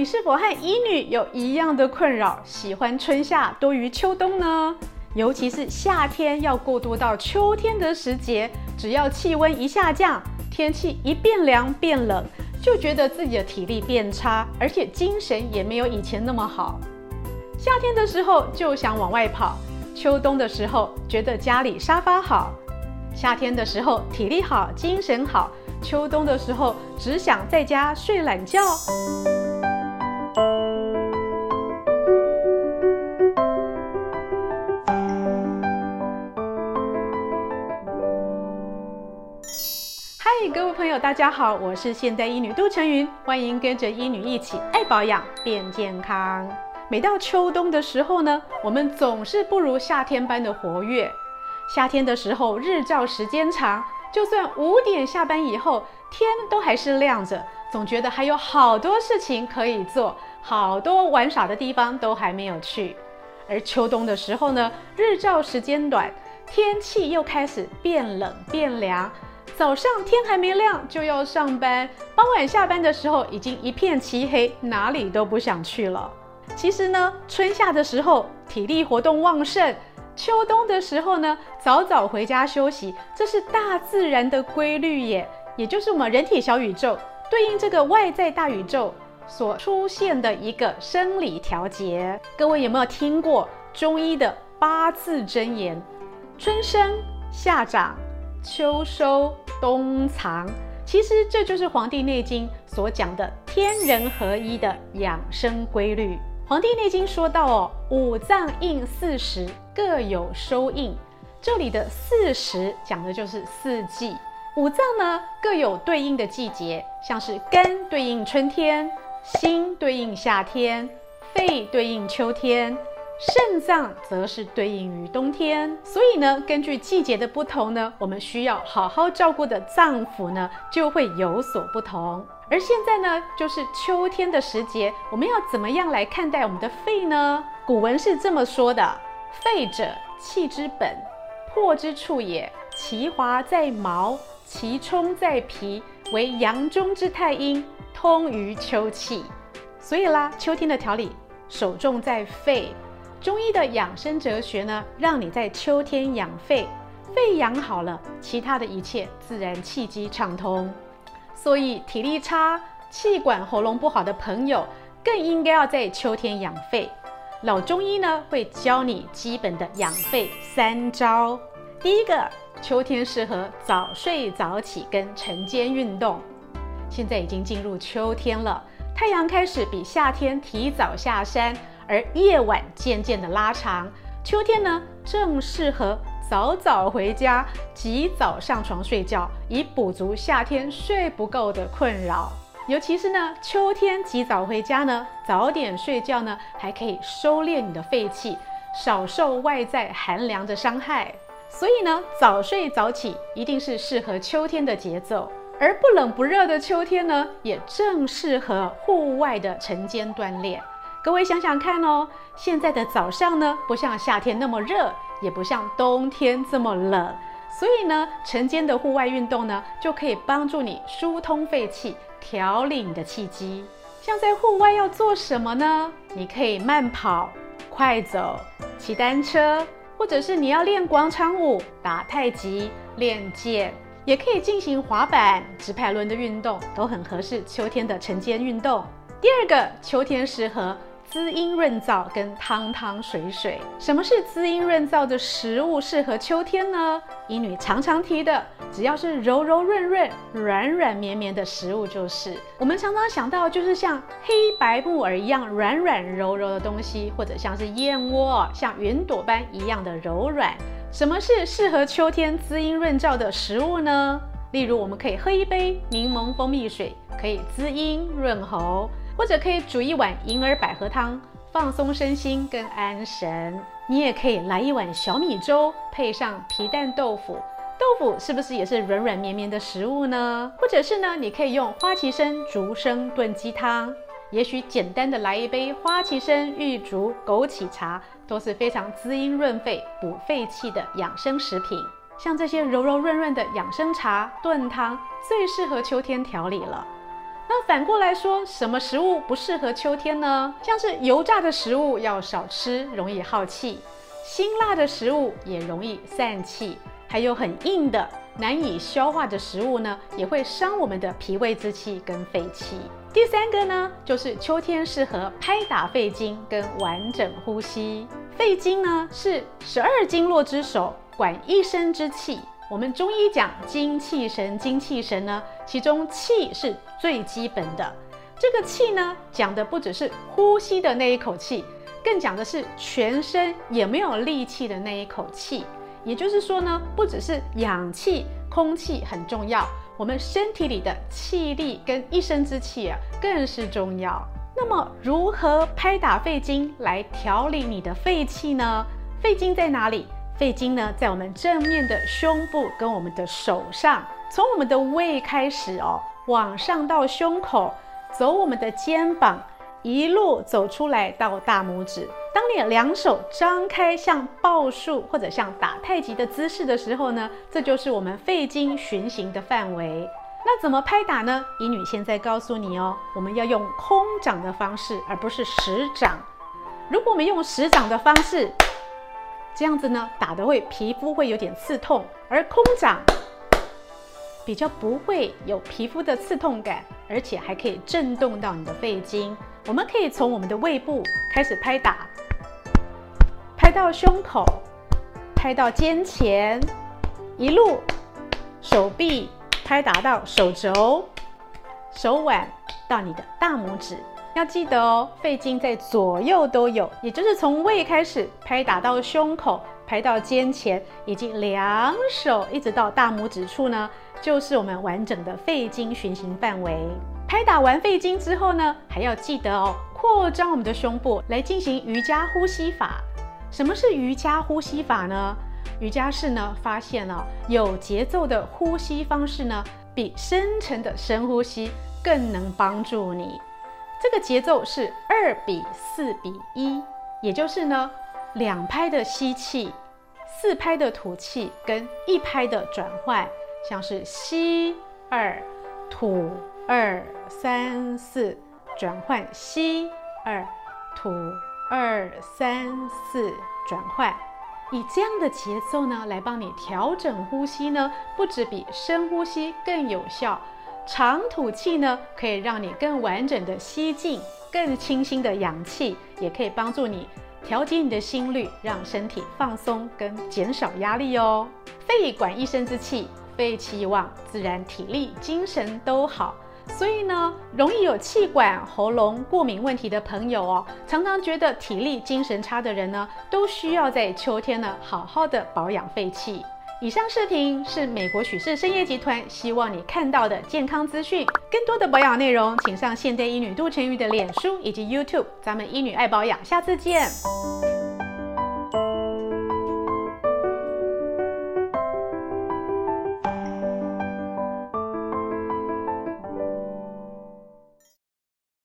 你是否和醫女有一樣的困擾？喜歡春夏多於秋冬呢？尤其是夏天要過渡到秋天的時節，只要氣溫一下降，天氣一變涼變冷，就覺得自己的體力變差，而且精神也沒有以前那麼好。夏天的時候就想往外跑，秋冬的時候覺得家裡沙發好。夏天的時候體力好，精神好，秋冬的時候只想在家睡懶覺。大家好，我是現代醫女杜丞蕓，歡迎跟着醫女一起愛保養變健康。每到秋冬的時候呢，我們總是不如夏天般的活躍。夏天的時候日照時間長，就算五點下班以後天都還是亮着，總覺得還有好多事情可以做，好多玩耍的地方都還沒有去。而秋冬的時候呢，日照時間短，天氣又開始變冷變涼。早上天還沒亮就要上班，傍晚下班的時候已經一片漆黑，哪裡都不想去了。其實呢，春夏的時候體力活動旺盛，秋冬的時候呢，早早回家休息，這是大自然的規律耶，也就是我們人體小宇宙對應這個外在大宇宙所出現的一個生理調節。各位有沒有聽過中醫的八字箴言？春生夏長。秋收冬藏，其實這就是《黃帝內經》所講的天人合一的養生規律。《黃帝內經》說到哦，五臟應四時，各有收應。這裡的四時講的就是四季，五臟呢各有對應的季節，像是肝對應春天，心對應夏天，肺對應秋天。腎臟則是對應於冬天，所以呢，根據季節的不同呢，我們需要好好照顧的臟腑呢就會有所不同。而現在呢，就是秋天的時節，我們要怎麼樣來看待我們的肺呢？古文是這麼說的：肺者，氣之本，魄之處也。其華在毛，其充在皮，為陽中之太陰，通於秋氣。所以啦，秋天的調理，首重在肺。中醫的養生哲學呢，讓你在秋天養肺，肺養好了，其他的一切自然氣機暢通。所以體力差、氣管喉嚨不好的朋友，更應該要在秋天養肺。老中醫呢會教你基本的養肺三招。第一個，秋天適合早睡早起跟晨間運動。現在已經進入秋天了，太陽開始比夏天提早下山。而夜晚漸漸的拉長，秋天呢正適合早早回家，及早上床睡覺，以補足夏天睡不夠的困擾。尤其是呢，秋天及早回家呢，早點睡覺呢，還可以收斂你的肺氣，少受外在寒涼的傷害。所以呢，早睡早起一定是適合秋天的節奏。而不冷不熱的秋天呢，也正適合戶外的晨間鍛煉。各位想想看哦，現在的早上呢，不像夏天那麼熱，也不像冬天這麼冷，所以呢，晨間的戶外運動呢，就可以幫助你疏通肺氣，調理你的氣機。像在戶外要做什麼呢？你可以慢跑、快走、騎單車，或者是你要練廣場舞、打太極、練劍，也可以進行滑板、直排輪的運動，都很合適秋天的晨間運動。第二個，秋天適合。滋陰潤燥跟湯湯水水，什麼是滋陰潤燥的食物適合秋天呢？醫女常常提的，只要是柔柔潤潤、軟軟綿綿的食物就是。我們常常想到就是像黑白木耳一樣軟軟柔柔的東西，或者像是燕窩，像雲朵般一樣的柔軟。什麼是適合秋天滋陰潤燥的食物呢？例如我們可以喝一杯檸檬蜂蜜水，可以滋陰潤喉。或者可以煮一碗銀耳百合湯，放鬆身心跟安神。你也可以來一碗小米粥，配上皮蛋豆腐。豆腐是不是也是軟軟綿綿的食物呢？或者是呢，你可以用花旗參、竹蓀燉雞湯。也許簡單的來一杯花旗參、玉竹、枸杞茶，都是非常滋陰潤肺、補肺氣的養生食品。像這些柔柔潤潤的養生茶、燉湯，最適合秋天調理了。那反過來說，什麼食物不適合秋天呢？像是油炸的食物要少吃，容易耗氣；辛辣的食物也容易散氣；還有很硬的、難以消化的食物呢，也會傷我們的脾胃之氣跟肺氣。第三個呢，就是秋天適合拍打肺經跟完整呼吸。肺經呢，是十二經絡之首，管一身之氣。我們中醫講精氣神，精氣神呢，其中氣是最基本的。這個氣呢，講的不只是呼吸的那一口氣，更講的是全身也沒有力氣的那一口氣。也就是說呢，不只是氧氣、空氣很重要，我們身體裡的氣力跟一身之氣啊，更是重要。那麼，如何拍打肺經來調理你的肺氣呢？肺經在哪裡？肺經呢，在我們正面的胸部跟我們的手上，從我們的胃開始哦，往上到胸口，走我們的肩膀，一路走出來到大拇指。當你兩手張開，像抱樹或者像打太極的姿勢的時候呢，這就是我們肺經循行的範圍。那怎麼拍打呢？醫女現在告訴你哦，我們要用空掌的方式，而不是實掌。如果我們用實掌的方式，這樣子呢，打得會皮膚會有點刺痛，而空掌比較不會有皮膚的刺痛感，而且還可以震動到你的肺經。我們可以從我們的胃部開始拍打，拍到胸口，拍到肩前，一路手臂拍打到手肘、手腕，到你的大拇指。要記得哦，肺經在左右都有，也就是從胃開始拍打到胸口，拍到肩前，以及兩手一直到大拇指處呢，就是我們完整的肺經循行範圍。拍打完肺經之後呢，還要記得哦，擴張我們的胸部來進行瑜伽呼吸法。什麼是瑜伽呼吸法呢？瑜伽師呢發現了、哦、有節奏的呼吸方式呢，比深層的深呼吸更能幫助你。這個節奏是二比四比一，也就是呢，兩拍的吸氣，四拍的吐氣，跟一拍的轉換，像是吸二吐二三四轉換，吸二吐二三四轉換，以這樣的節奏呢，來幫你調整呼吸呢，不只比深呼吸更有效。長吐氣呢，可以讓你更完整的吸進更清新的氧氣，也可以幫助你調節你的心率，讓身體放鬆跟減少壓力哦。肺管一身之氣，肺氣一旺，自然體力精神都好。所以呢，容易有氣管、喉嚨過敏問題的朋友哦，常常覺得體力精神差的人呢，都需要在秋天呢，好好的保養肺氣。以上視頻是美國許氏參業集團希望你看到的健康資訊。更多的保養內容，請上現代醫女杜丞蕓的臉書以及 YouTube。咱們醫女愛保養，下次見。